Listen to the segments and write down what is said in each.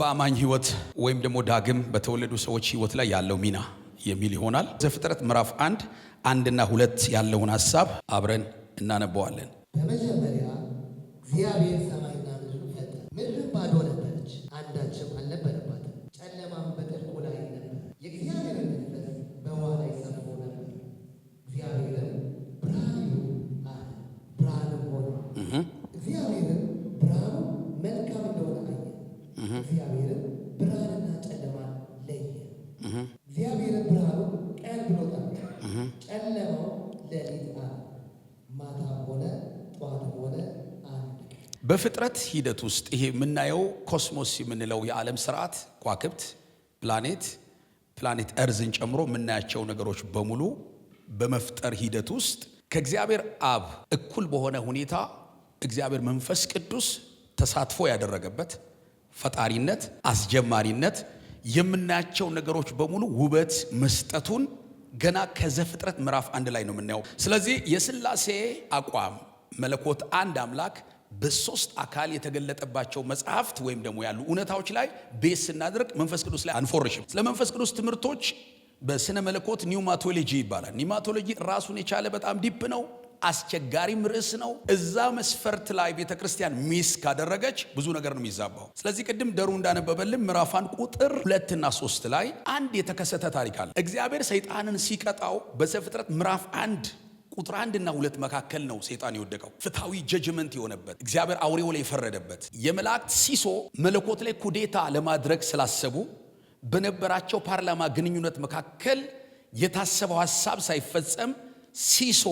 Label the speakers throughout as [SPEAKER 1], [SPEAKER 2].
[SPEAKER 1] በአማኝ ህይወት ወይም ደግሞ ዳግም በተወለዱ ሰዎች ህይወት ላይ ያለው ሚና የሚል ይሆናል። ዘፍጥረት ምዕራፍ አንድ አንድና ሁለት ያለውን ሀሳብ አብረን እናነበዋለን።
[SPEAKER 2] በመጀመሪያ እግዚአብሔር ሰማይና ምድር ፈጠረ። ምድር ባዶ ነበር
[SPEAKER 1] በፍጥረት ሂደት ውስጥ ይሄ የምናየው ኮስሞስ የምንለው የዓለም ስርዓት ኳክብት፣ ፕላኔት ፕላኔት እርዝን ጨምሮ የምናያቸው ነገሮች በሙሉ በመፍጠር ሂደት ውስጥ ከእግዚአብሔር አብ እኩል በሆነ ሁኔታ እግዚአብሔር መንፈስ ቅዱስ ተሳትፎ ያደረገበት ፈጣሪነት፣ አስጀማሪነት የምናያቸው ነገሮች በሙሉ ውበት መስጠቱን ገና ከዘፍጥረት ምዕራፍ አንድ ላይ ነው የምናየው። ስለዚህ የስላሴ አቋም መለኮት አንድ አምላክ በሶስት አካል የተገለጠባቸው መጽሐፍት ወይም ደግሞ ያሉ እውነታዎች ላይ ቤስ ስናደርግ መንፈስ ቅዱስ ላይ አንፎርሽም። ስለ መንፈስ ቅዱስ ትምህርቶች በስነ መለኮት ኒውማቶሎጂ ይባላል። ኒውማቶሎጂ ራሱን የቻለ በጣም ዲፕ ነው። አስቸጋሪም ርዕስ ነው። እዛ መስፈርት ላይ ቤተ ክርስቲያን ሚስ ካደረገች ብዙ ነገር ነው የሚዛባው። ስለዚህ ቅድም ደሩ እንዳነበበልን ምዕራፋን ቁጥር ሁለትና ሶስት ላይ አንድ የተከሰተ ታሪክ አለ። እግዚአብሔር ሰይጣንን ሲቀጣው በዘፍጥረት ምዕራፍ አንድ ቁጥር አንድና ሁለት መካከል ነው ሴጣን የወደቀው። ፍትሐዊ ጀጅመንት የሆነበት እግዚአብሔር አውሬው ላይ የፈረደበት የመላእክት ሲሶ መለኮት ላይ ኩዴታ ለማድረግ ስላሰቡ በነበራቸው ፓርላማ ግንኙነት መካከል የታሰበው ሀሳብ ሳይፈጸም ሲሶ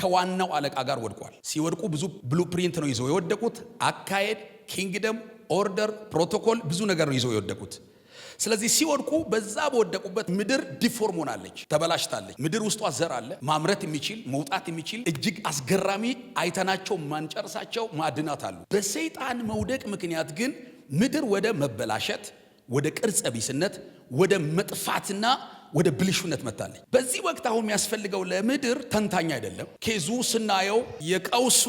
[SPEAKER 1] ከዋናው አለቃ ጋር ወድቋል። ሲወድቁ ብዙ ብሉፕሪንት ነው ይዘው የወደቁት። አካሄድ፣ ኪንግደም፣ ኦርደር፣ ፕሮቶኮል ብዙ ነገር ነው ይዘው የወደቁት። ስለዚህ ሲወድቁ በዛ በወደቁበት ምድር ዲፎርም ሆናለች፣ ተበላሽታለች። ምድር ውስጧ ዘር አለ ማምረት የሚችል መውጣት የሚችል እጅግ አስገራሚ አይተናቸው ማንጨርሳቸው ማዕድናት አሉ። በሰይጣን መውደቅ ምክንያት ግን ምድር ወደ መበላሸት፣ ወደ ቅርጸ ቢስነት፣ ወደ መጥፋትና ወደ ብልሹነት መታለች። በዚህ ወቅት አሁን የሚያስፈልገው ለምድር ተንታኝ አይደለም። ኬዙ ስናየው የቀውሱ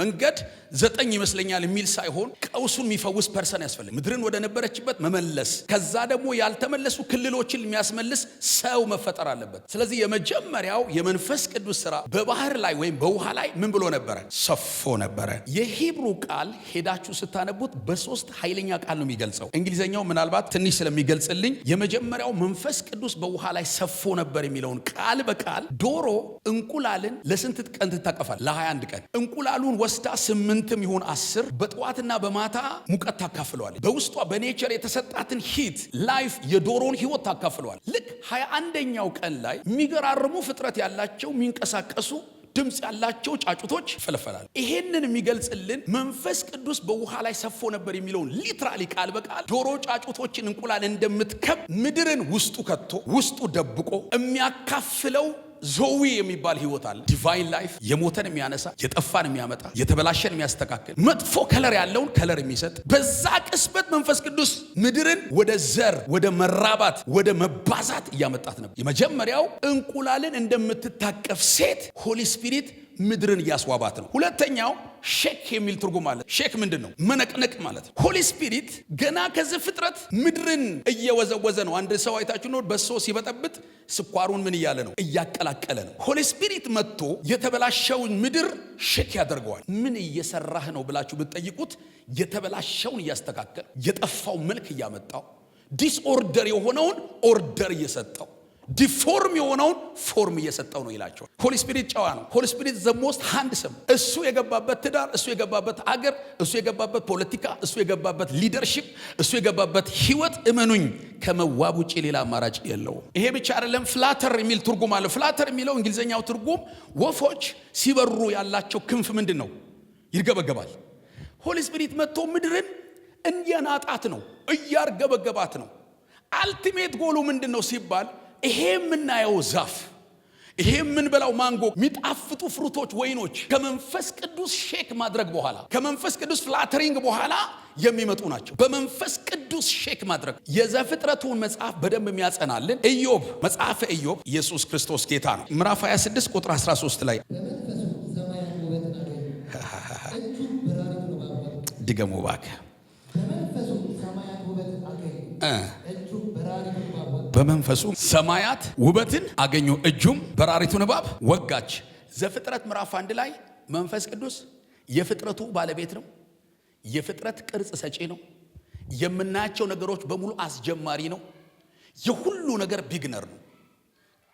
[SPEAKER 1] መንገድ ዘጠኝ ይመስለኛል የሚል ሳይሆን ቀውሱን የሚፈውስ ፐርሰን ያስፈልግ፣ ምድርን ወደ ነበረችበት መመለስ፣ ከዛ ደግሞ ያልተመለሱ ክልሎችን የሚያስመልስ ሰው መፈጠር አለበት። ስለዚህ የመጀመሪያው የመንፈስ ቅዱስ ስራ በባህር ላይ ወይም በውሃ ላይ ምን ብሎ ነበረ? ሰፎ ነበረ። የሂብሩ ቃል ሄዳችሁ ስታነቡት በሶስት ኃይለኛ ቃል ነው የሚገልጸው። እንግሊዝኛው ምናልባት ትንሽ ስለሚገልጽልኝ የመጀመሪያው መንፈስ ቅዱስ በውሃ ውሃ ላይ ሰፎ ነበር የሚለውን ቃል በቃል ዶሮ እንቁላልን ለስንት ቀን ትታቀፋል? ለ21 ቀን። እንቁላሉን ወስዳ ስምንትም ይሁን አስር በጠዋትና በማታ ሙቀት ታካፍለዋለች። በውስጧ በኔቸር የተሰጣትን ሂት ላይፍ የዶሮን ህይወት ታካፍለዋል። ልክ 21ኛው ቀን ላይ የሚገራርሙ ፍጥረት ያላቸው የሚንቀሳቀሱ ድምፅ ያላቸው ጫጩቶች ይፈለፈላሉ። ይሄንን የሚገልጽልን መንፈስ ቅዱስ በውሃ ላይ ሰፎ ነበር የሚለውን ሊትራሊ ቃል በቃል ዶሮ ጫጩቶችን እንቁላል እንደምትከብ ምድርን ውስጡ ከቶ ውስጡ ደብቆ የሚያካፍለው ዞዊ የሚባል ህይወት አለ። ዲቫይን ላይፍ የሞተን የሚያነሳ የጠፋን የሚያመጣ የተበላሸን የሚያስተካክል መጥፎ ከለር ያለውን ከለር የሚሰጥ በዛ ቅስበት መንፈስ ቅዱስ ምድርን ወደ ዘር ወደ መራባት ወደ መባዛት እያመጣት ነበር። የመጀመሪያው እንቁላልን እንደምትታቀፍ ሴት ሆሊ ስፒሪት ምድርን እያስዋባት ነው። ሁለተኛው ሼክ የሚል ትርጉም አለ። ሼክ ምንድን ነው? መነቅነቅ ማለት ነው። ሆሊ ስፒሪት ገና ከዚህ ፍጥረት ምድርን እየወዘወዘ ነው። አንድ ሰው አይታችሁ ነው፣ በሶ ሲበጠብጥ ስኳሩን ምን እያለ ነው? እያቀላቀለ ነው። ሆሊ ስፒሪት መጥቶ የተበላሸውን ምድር ሼክ ያደርገዋል። ምን እየሰራህ ነው ብላችሁ ብትጠይቁት የተበላሸውን እያስተካከል፣ የጠፋው መልክ እያመጣው፣ ዲስኦርደር የሆነውን ኦርደር እየሰጠው ዲፎርም የሆነውን ፎርም እየሰጠው ነው ይላቸዋል። ሆሊ ስፒሪት ጨዋ ነው። ሆሊ ስፒሪት ሞስት ሃንድ ሰም እሱ የገባበት ትዳር፣ እሱ የገባበት አገር፣ እሱ የገባበት ፖለቲካ፣ እሱ የገባበት ሊደርሺፕ፣ እሱ የገባበት ህይወት እመኑኝ ከመዋብ ውጭ ሌላ አማራጭ የለውም። ይሄ ብቻ አይደለም። ፍላተር የሚል ትርጉም አለ። ፍላተር የሚለው እንግሊዝኛው ትርጉም ወፎች ሲበሩ ያላቸው ክንፍ ምንድን ነው? ይርገበገባል። ሆሊ ስፒሪት መጥቶ ምድርን እንየናጣት ነው፣ እያርገበገባት ነው። አልቲሜት ጎሉ ምንድን ነው ሲባል ይሄ የምናየው ዛፍ ይሄ የምንበላው ማንጎ የሚጣፍጡ ፍሩቶች፣ ወይኖች ከመንፈስ ቅዱስ ሼክ ማድረግ በኋላ ከመንፈስ ቅዱስ ፍላተሪንግ በኋላ የሚመጡ ናቸው። በመንፈስ ቅዱስ ሼክ ማድረግ የዘፍጥረቱን መጽሐፍ በደንብ የሚያጸናልን ኢዮብ መጽሐፈ ኢዮብ ኢየሱስ ክርስቶስ ጌታ ነው። ምዕራፍ 26 ቁጥር 13 ላይ ድገሙ እባክህ በመንፈሱ ሰማያት ውበትን አገኙ፣ እጁም በራሪቱን እባብ ወጋች። ዘፍጥረት ምዕራፍ አንድ ላይ መንፈስ ቅዱስ የፍጥረቱ ባለቤት ነው። የፍጥረት ቅርጽ ሰጪ ነው። የምናያቸው ነገሮች በሙሉ አስጀማሪ ነው። የሁሉ ነገር ቢግነር ነው።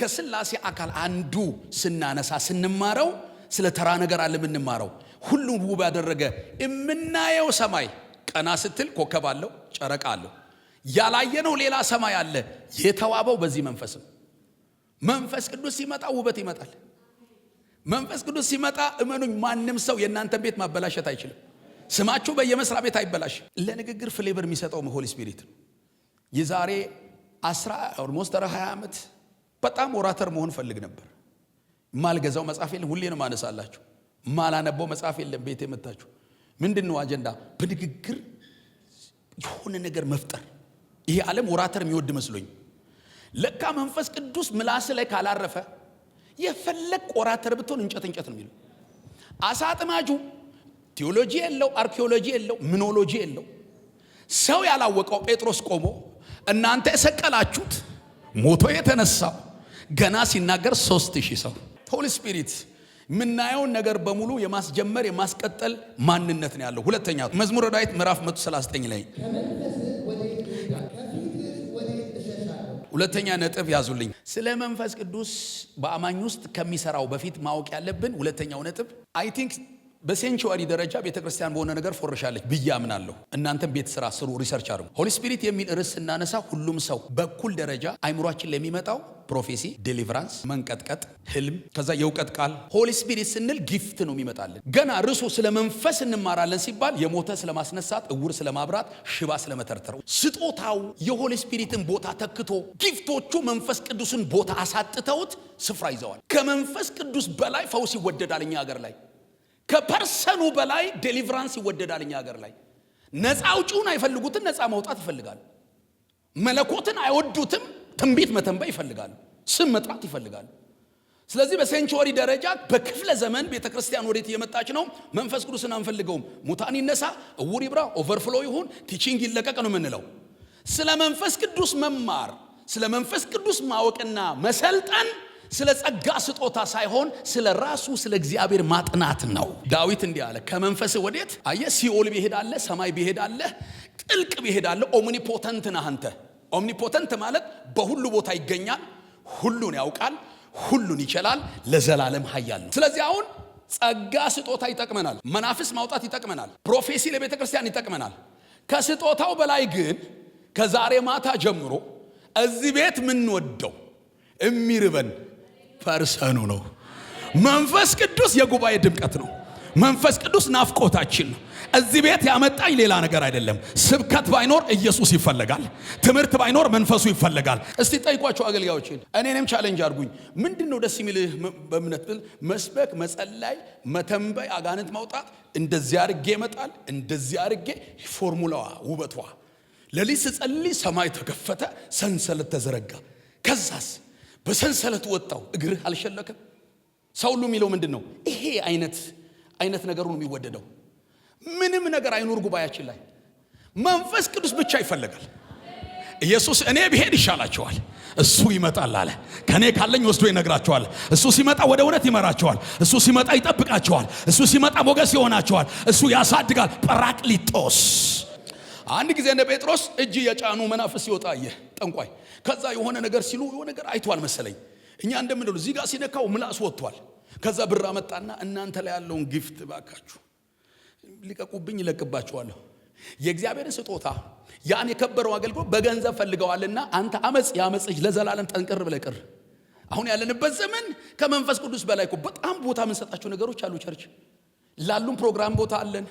[SPEAKER 1] ከስላሴ አካል አንዱ ስናነሳ ስንማረው ስለ ተራ ነገር አለ የምንማረው። ሁሉም ውብ ያደረገ የምናየው ሰማይ ቀና ስትል ኮከብ አለው፣ ጨረቃ አለው። ያላየነው ሌላ ሰማይ አለ። የተዋበው በዚህ መንፈስ ነው። መንፈስ ቅዱስ ሲመጣ ውበት ይመጣል። መንፈስ ቅዱስ ሲመጣ እመኑኝ፣ ማንም ሰው የእናንተን ቤት ማበላሸት አይችልም። ስማችሁ በየመስሪያ ቤት አይበላሽ። ለንግግር ፍሌቨር የሚሰጠው ሆሊ ስፒሪት ነው። የዛሬ አስራ ኦልሞስት ረ 20 ዓመት በጣም ኦራተር መሆን ፈልግ ነበር። ማልገዛው መጽሐፍ የለም፣ ሁሌ ነው ማነሳላችሁ። ማላነበው መጽሐፍ የለም። ቤት የመታችሁ ምንድን ነው አጀንዳ? በንግግር የሆነ ነገር መፍጠር ይሄ ዓለም ወራተር የሚወድ መስሎኝ፣ ለካ መንፈስ ቅዱስ ምላስ ላይ ካላረፈ የፈለግ ወራተር ብትሆን እንጨት እንጨት ነው የሚለው። አሳ አጥማጁ ቴዎሎጂ የለው፣ አርኪኦሎጂ የለው፣ ምኖሎጂ የለው። ሰው ያላወቀው ጴጥሮስ ቆሞ እናንተ የሰቀላችሁት ሞቶ የተነሳው ገና ሲናገር ሶስት ሺህ ሰው ሆሊ ስፒሪት የምናየውን ነገር በሙሉ የማስጀመር የማስቀጠል ማንነት ነው ያለው። ሁለተኛ መዝሙረ ዳዊት ምዕራፍ 139 ላይ ሁለተኛ ነጥብ ያዙልኝ። ስለ መንፈስ ቅዱስ በአማኝ ውስጥ ከሚሰራው በፊት ማወቅ ያለብን ሁለተኛው ነጥብ አይ ቲንክ በሴንቹዋሪ ደረጃ ቤተክርስቲያን በሆነ ነገር ፎርሻለች ብዬ አምናለሁ። እናንተም ቤት ስራ ስሩ፣ ሪሰርች አድርጉ። ሆሊ ስፒሪት የሚል ርዕስ ስናነሳ ሁሉም ሰው በኩል ደረጃ አይምሯችን ለሚመጣው ፕሮፌሲ፣ ዴሊቨራንስ፣ መንቀጥቀጥ፣ ህልም፣ ከዛ የእውቀት ቃል። ሆሊ ስፒሪት ስንል ጊፍት ነው የሚመጣልን። ገና ርሱ ስለ መንፈስ እንማራለን ሲባል የሞተ ስለማስነሳት እውር ስለማብራት፣ ሽባ ስለመተርተር ስጦታው የሆሊ ስፒሪትን ቦታ ተክቶ ጊፍቶቹ መንፈስ ቅዱስን ቦታ አሳጥተውት ስፍራ ይዘዋል። ከመንፈስ ቅዱስ በላይ ፈውስ ይወደዳል እኛ ሀገር ላይ ከፐርሰኑ በላይ ዴሊቨራንስ ይወደዳል። እኛ ሀገር ላይ ነፃ አውጪውን አይፈልጉትም፣ ነፃ መውጣት ይፈልጋሉ። መለኮትን አይወዱትም፣ ትንቢት መተንበይ ይፈልጋሉ፣ ስም መጥራት ይፈልጋሉ። ስለዚህ በሴንቹሪ ደረጃ በክፍለ ዘመን ቤተ ክርስቲያን ወዴት እየመጣች ነው? መንፈስ ቅዱስን አንፈልገውም፣ ሙታን ይነሳ፣ እውር ይብራ፣ ኦቨርፍሎ ይሁን፣ ቲቺንግ ይለቀቅ ነው የምንለው። ስለ መንፈስ ቅዱስ መማር ስለ መንፈስ ቅዱስ ማወቅና መሰልጠን ስለ ጸጋ ስጦታ ሳይሆን ስለ ራሱ ስለ እግዚአብሔር ማጥናት ነው። ዳዊት እንዲህ አለ፣ ከመንፈስ ወዴት አየ ሲኦል ብሄዳለ፣ ሰማይ ብሄዳለ፣ ጥልቅ ብሄዳለ። ኦምኒፖተንት ነህ አንተ። ኦምኒፖተንት ማለት በሁሉ ቦታ ይገኛል፣ ሁሉን ያውቃል፣ ሁሉን ይችላል፣ ለዘላለም ኃያል ነው። ስለዚህ አሁን ጸጋ ስጦታ ይጠቅመናል፣ መናፍስ ማውጣት ይጠቅመናል፣ ፕሮፌሲ ለቤተ ክርስቲያን ይጠቅመናል። ከስጦታው በላይ ግን ከዛሬ ማታ ጀምሮ እዚህ ቤት የምንወደው የሚርበን ፐርሰኑ ነው። መንፈስ ቅዱስ የጉባኤ ድምቀት ነው። መንፈስ ቅዱስ ናፍቆታችን ነው። እዚህ ቤት ያመጣኝ ሌላ ነገር አይደለም። ስብከት ባይኖር ኢየሱስ ይፈለጋል። ትምህርት ባይኖር መንፈሱ ይፈለጋል። እስቲ ጠይቋቸው አገልጋዮችን፣ እኔንም ቻለንጅ አድርጉኝ። ምንድን ነው ደስ የሚል በእምነት ብል መስበክ፣ መጸላይ፣ መተንበይ፣ አጋንንት ማውጣት፣ እንደዚህ አርጌ ይመጣል፣ እንደዚህ አርጌ ፎርሙላዋ፣ ውበቷ። ሌሊት ስጸልይ ሰማይ ተከፈተ፣ ሰንሰለት ተዘረጋ። ከዛስ በሰንሰለት ወጣው፣ እግርህ አልሸለከም። ሰው ሁሉ የሚለው ምንድን ነው? ይሄ አይነት አይነት ነገሩ ነው የሚወደደው። ምንም ነገር አይኖር ጉባኤያችን ላይ መንፈስ ቅዱስ ብቻ ይፈልጋል። ኢየሱስ እኔ ብሄድ ይሻላቸዋል እሱ ይመጣል አለ። ከኔ ካለኝ ወስዶ ይነግራቸዋል። እሱ ሲመጣ ወደ እውነት ይመራቸዋል። እሱ ሲመጣ ይጠብቃቸዋል። እሱ ሲመጣ ሞገስ ይሆናቸዋል። እሱ ያሳድጋል። ጰራቅሊጦስ አንድ ጊዜ እነ ጴጥሮስ እጅ የጫኑ መናፍስ ይወጣ አየ ጠንቋይ። ከዛ የሆነ ነገር ሲሉ የሆነ ነገር አይቷል መሰለኝ። እኛ እንደምንለው እዚህ ጋር ሲነካው ምላስ ወጥቷል። ከዛ ብር አመጣና እናንተ ላይ ያለውን ግፍት ባካችሁ ሊቀቁብኝ ይለቅባችኋለሁ። የእግዚአብሔር ስጦታ ያን የከበረው አገልግሎት በገንዘብ ፈልገዋልና አንተ አመፅ የአመፅ ለዘላለም ጠንቅር ብለህ ቅር። አሁን ያለንበት ዘመን ከመንፈስ ቅዱስ በላይ በጣም ቦታ የምንሰጣቸው ነገሮች አሉ። ቸርች ላሉን ፕሮግራም ቦታ አለን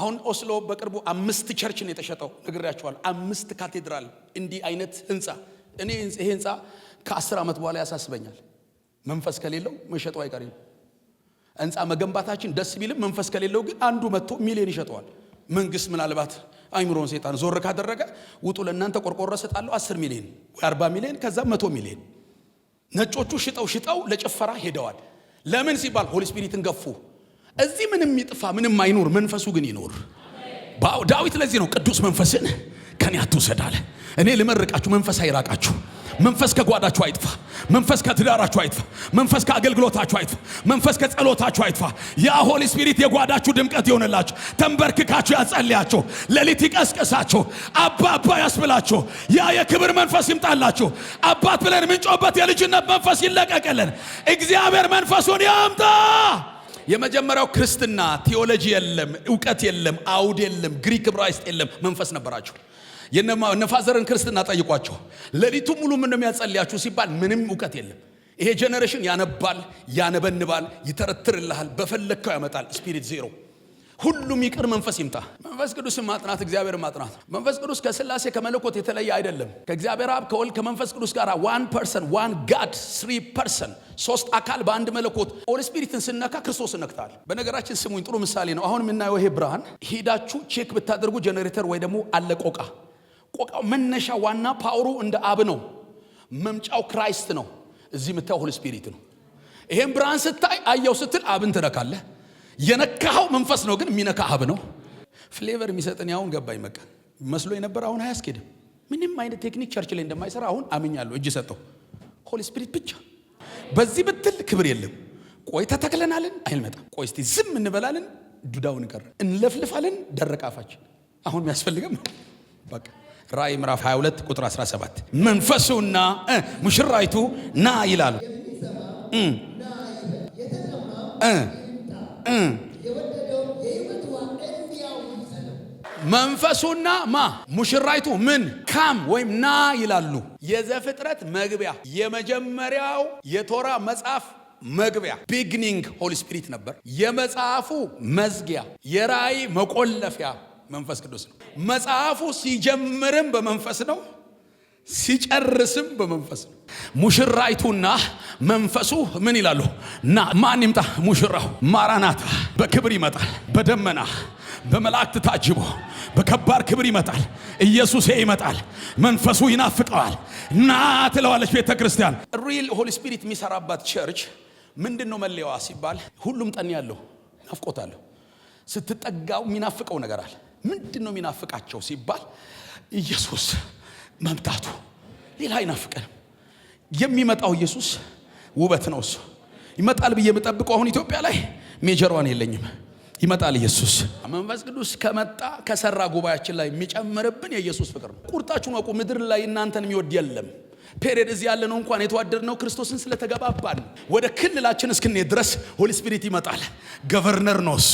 [SPEAKER 1] አሁን ኦስሎ በቅርቡ አምስት ቸርች ነው የተሸጠው፣ ነግሬያቸዋል። አምስት ካቴድራል፣ እንዲህ አይነት ህንፃ። እኔ ይሄ ህንፃ ከአስር ዓመት በኋላ ያሳስበኛል። መንፈስ ከሌለው መሸጠው አይቀሪ ነው። ህንፃ መገንባታችን ደስ ቢልም መንፈስ ከሌለው ግን አንዱ መጥቶ ሚሊዮን ይሸጠዋል። መንግስት ምናልባት አይምሮን ሴጣን ዞር ካደረገ ውጡ ለእናንተ ቆርቆሮ ሰጣለሁ አስር ሚሊዮን ወይ አርባ ሚሊዮን ከዛ መቶ ሚሊዮን ነጮቹ ሽጠው ሽጠው ለጭፈራ ሄደዋል። ለምን ሲባል ሆሊ ስፒሪትን ገፉ። እዚህ ምንም ይጥፋ ምንም አይኖር፣ መንፈሱ ግን ይኖር። ዳዊት ለዚህ ነው ቅዱስ መንፈስን ከኔ አትውሰድ አለ። እኔ ልመርቃችሁ፣ መንፈስ አይራቃችሁ። መንፈስ ከጓዳችሁ አይጥፋ። መንፈስ ከትዳራችሁ አይጥፋ። መንፈስ ከአገልግሎታችሁ አይጥፋ። መንፈስ ከጸሎታችሁ አይጥፋ። ያ ሆሊ ስፒሪት የጓዳችሁ ድምቀት ይሆንላችሁ። ተንበርክካችሁ ያጸልያችሁ፣ ሌሊት ይቀስቅሳችሁ፣ አባ አባ ያስብላችሁ። ያ የክብር መንፈስ ይምጣላችሁ። አባት ብለን ምንጮበት የልጅነት መንፈስ ይለቀቅልን። እግዚአብሔር መንፈሱን ያምጣ። የመጀመሪያው ክርስትና ቴዎሎጂ የለም፣ እውቀት የለም፣ አውድ የለም፣ ግሪክ ዕብራይስጥ የለም፣ መንፈስ ነበራችሁ። የነፋዘርን ክርስትና ጠይቋቸው። ሌሊቱ ሙሉ ምን የሚያጸልያችሁ ሲባል ምንም እውቀት የለም። ይሄ ጄኔሬሽን ያነባል፣ ያነበንባል፣ ይተረትርልሃል፣ በፈለግከው ያመጣል። ስፒሪት ዜሮ ሁሉም ይቅር መንፈስ ይምጣ። መንፈስ ቅዱስን ማጥናት እግዚአብሔር ማጥናት። መንፈስ ቅዱስ ከስላሴ ከመለኮት የተለየ አይደለም። ከእግዚአብሔር አብ ከወልድ ከመንፈስ ቅዱስ ጋር ዋን ፐርሰን ዋን ጋድ ስሪ ፐርሰን ሶስት አካል በአንድ መለኮት ኦል ስፒሪትን ስነካ ክርስቶስ እነክታል። በነገራችን ስሙኝ፣ ጥሩ ምሳሌ ነው። አሁን የምናየው ይሄ ብርሃን ሄዳችሁ ቼክ ብታደርጉ ጀኔሬተር ወይ ደግሞ አለ ቆቃ ቆቃው መነሻ ዋና ፓወሩ እንደ አብ ነው፣ መምጫው ክራይስት ነው። እዚህ የምታየው ሆል ስፒሪት ነው። ይሄን ብርሃን ስታይ አየው ስትል አብን ትነካለህ። የነካኸው መንፈስ ነው፣ ግን የሚነካ አብ ነው። ፍሌቨር የሚሰጥን ያሁን ገባኝ። መቀ መስሎ የነበረ አሁን አያስኬድም። ምንም አይነት ቴክኒክ ቸርች ላይ እንደማይሰራ አሁን አምኛለሁ። እጅ ሰጠው ሆል ስፒሪት ብቻ በዚህ ብትል ክብር የለም። ቆይ ተተክለናልን አይልመጣም። ቆይ እስቲ ዝም እንበላልን ዱዳውን ቀረ እንለፍልፋልን ደረቅ አፋችን አሁን የሚያስፈልገም በቃ ራእይ ምዕራፍ 22 ቁጥር 17 መንፈሱና ሙሽራይቱ ና ይላሉ መንፈሱና ማ ሙሽራይቱ ምን ካም ወይም ና ይላሉ። የዘፍጥረት መግቢያ የመጀመሪያው የቶራ መጽሐፍ መግቢያ ቢግኒንግ ሆሊ ስፒሪት ነበር። የመጽሐፉ መዝጊያ የራእይ መቆለፊያ መንፈስ ቅዱስ ነው። መጽሐፉ ሲጀምርም በመንፈስ ነው፣ ሲጨርስም በመንፈስ ነው። ሙሽራይቱና መንፈሱ ምን ይላሉ? ና ማን ይምጣ? ሙሽራው ማራናታ በክብር ይመጣል በደመና በመላእክት ታጅቦ በከባድ ክብር ይመጣል። ኢየሱሴ ይመጣል። መንፈሱ ይናፍቀዋል። ና ትለዋለች ቤተ ክርስቲያን። ሪል ሆሊ ስፒሪት የሚሰራባት ቸርች ምንድን ነው መለያዋ ሲባል ሁሉም ጠን ያለው ናፍቆታለሁ። ስትጠጋው የሚናፍቀው ነገር አለ። ምንድን ነው የሚናፍቃቸው ሲባል ኢየሱስ መምጣቱ፣ ሌላ አይናፍቀንም። የሚመጣው ኢየሱስ ውበት ነው። እሱ ይመጣል ብዬ የምጠብቀው አሁን ኢትዮጵያ ላይ ሜጀሯን የለኝም ይመጣል ኢየሱስ። መንፈስ ቅዱስ ከመጣ ከሰራ ጉባኤያችን ላይ የሚጨምርብን የኢየሱስ ፍቅር ነው። ቁርጣችሁን ወቁ። ምድር ላይ እናንተን የሚወድ የለም። ፔሬድ እዚህ ያለ ነው እንኳን የተዋደድነው ክርስቶስን ስለተገባባን። ወደ ክልላችን እስክንሄድ ድረስ ሆሊ ስፒሪት ይመጣል። ገቨርነር ነው እሱ፣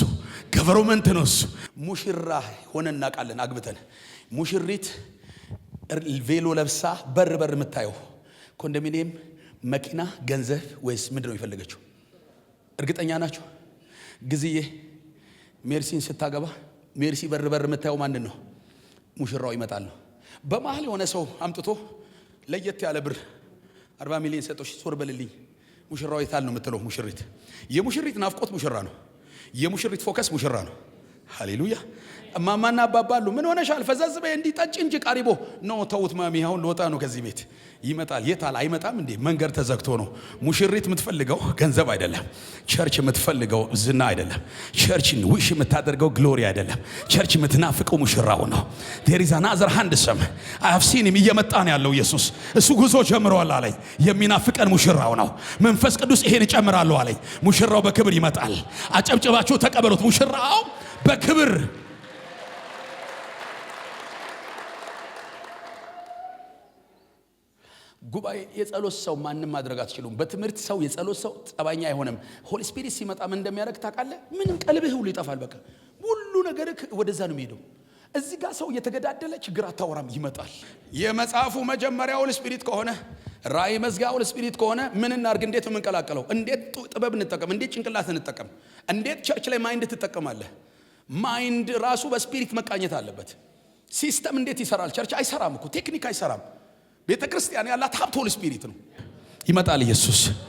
[SPEAKER 1] ገቨርመንት ነው እሱ። ሙሽራ ሆነ እናውቃለን። አግብተን ሙሽሪት ቬሎ ለብሳ በር በር የምታየው ኮንዶሚኒየም፣ መኪና፣ ገንዘብ ወይስ ምንድን ነው የፈለገችው? እርግጠኛ ናቸው ጊዜዬ ሜርሲን ስታገባ ሜርሲ በር በር የምታየው ማንን ነው? ሙሽራው ይመጣል ነው። በመሀል የሆነ ሰው አምጥቶ ለየት ያለ ብር አርባ ሚሊዮን ሰጦች ሶር በልልኝ ሙሽራው የታል ነው የምትለው ሙሽሪት። የሙሽሪት ናፍቆት ሙሽራ ነው። የሙሽሪት ፎከስ ሙሽራ ነው። ሃሌሉያ። እማማና አባባሉ ምን ሆነሻል? ፈዘዝ በይ እንዲህ ጠጪ እንጂ ቃሪቦ ነው። ተውት ማሚ፣ አሁን ልወጣ ነው ከዚህ ቤት። ይመጣል። የታል? አይመጣም እንዴ? መንገድ ተዘግቶ ነው። ሙሽሪት የምትፈልገው ገንዘብ አይደለም። ቸርች የምትፈልገው ዝና አይደለም። ቸርች ውሽ የምታደርገው ግሎሪ አይደለም። ቸርች የምትናፍቀው ሙሽራው ነው። ቴሪዛ ናዘር አንድ ሰም አፍሲንም እየመጣ ነው ያለው ኢየሱስ። እሱ ጉዞ ጀምሯል አለኝ። የሚናፍቀን ሙሽራው ነው። መንፈስ ቅዱስ ይሄን እጨምራለሁ አለኝ። ሙሽራው በክብር ይመጣል። አጨብጭባችሁ ተቀበሉት። ሙሽራው በክብር ጉባኤ የጸሎት ሰው ማንም ማድረግ አትችሉም። በትምህርት ሰው የጸሎት ሰው ጸባኛ አይሆንም። ሆሊ ስፒሪት ሲመጣ ምን እንደሚያደርግ ታውቃለህ? ምንም ቀልብህ ሁሉ ይጠፋል። በቃ ሁሉ ነገር ወደዛ ነው የሚሄደው። እዚህ ጋር ሰው እየተገዳደለ ችግር አታወራም፣ ይመጣል። የመጽሐፉ መጀመሪያ ሆሊ ስፒሪት ከሆነ ራእይ መዝጊያ ሆሊ ስፒሪት ከሆነ ምን እናርግ? እንዴት ነው የምንቀላቀለው? እንዴት ጥበብ እንጠቀም? እንዴት ጭንቅላት እንጠቀም? እንዴት ቸርች ላይ ማይንድ ትጠቀማለህ? ማይንድ ራሱ በስፒሪት መቃኘት አለበት። ሲስተም እንዴት ይሰራል? ቸርች አይሰራም እኮ ቴክኒክ አይሰራም። ቤተ ክርስቲያን ያላት ሀብት ሆሊ ስፒሪት ነው። ይመጣል ኢየሱስ